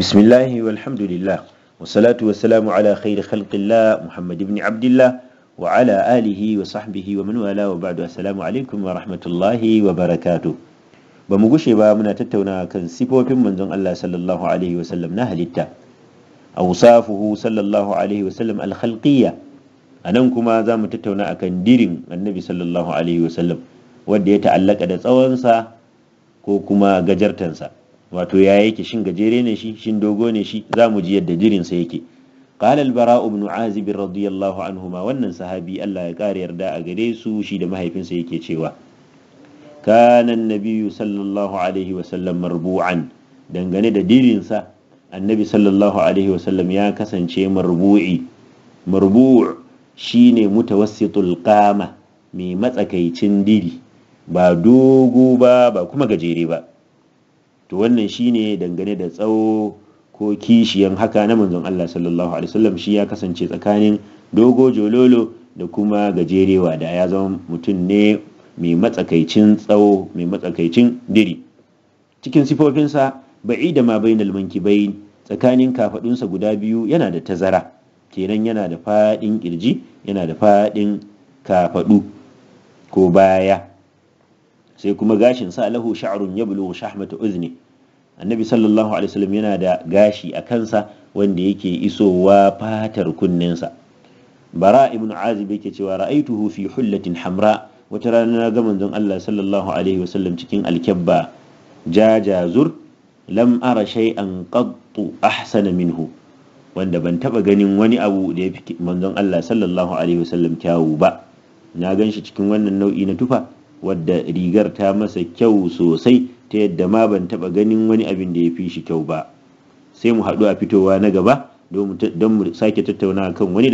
bismillahi walhamdulillah wasalatu wasalamu ala khairi khalqillah muhammad ibn abdullah wa ala alihi wa sahbihi wa man wa ba'du assalamu alaikum wa rahmatullahi wa barakatuh ba mu gushe ba muna tattauna kan sifofin manzon Allah sallallahu alaihi wa na halitta awsafuhu sallallahu alaihi wa sallam al-khalqiyya anan kuma za mu tattauna akan dirin annabi sallallahu alaihi wa sallam wanda ya ta'allaka da tsawonsa ko kuma gajartansa wato ya yake shin gajere ne shi shin dogo ne shi za mu ji yadda jirinsa yake qala al-bara ibn azib radiyallahu anhuma wannan sahabi Allah ya kare yarda a gare su shi da mahaifinsa yake cewa kana nabiyyu sallallahu alaihi wa sallam marbu'an dangane da dirinsa annabi sallallahu alaihi wa sallam ya kasance marbu'i marbu' shine mutawassitul qama mai matsakaicin diri ba dogo ba ba kuma gajere ba to wannan shi ne dangane da tsawo ko kishiyan haka na manzon Allah sallallahu alaihi wasallam shi ya kasance tsakanin dogo jololo da kuma gajerewa da ya zama mutum ne mai matsakaicin tsawo mai matsakaicin diri cikin sifofinsa ba'i da ma bainal bai. tsakanin kafadunsa guda biyu yana da tazara kenan yana da fadin kirji yana da fadin kafadu ko baya sai kuma gashin sa lahu sha'run yablughu shahmata uzni annabi sallallahu alaihi wasallam yana da gashi a kansa wanda yake isowa fatar kunnensa bara ibn azib yake cewa ra'aituhu fi hullatin hamra wata rana na ga manzon Allah sallallahu alaihi wasallam cikin alkabba jajazur lam ara shay'an qattu ahsana minhu wanda ban taba ganin wani abu da ya fi manzon Allah sallallahu alaihi wasallam kyawu ba na gan shi cikin wannan nau'i na tufa wadda rigar ta masa kyau sosai ta yadda ma ban taɓa ganin wani abin da ya fi shi kyau ba sai mu haɗu a fitowa na gaba don mu sake tattauna kan wani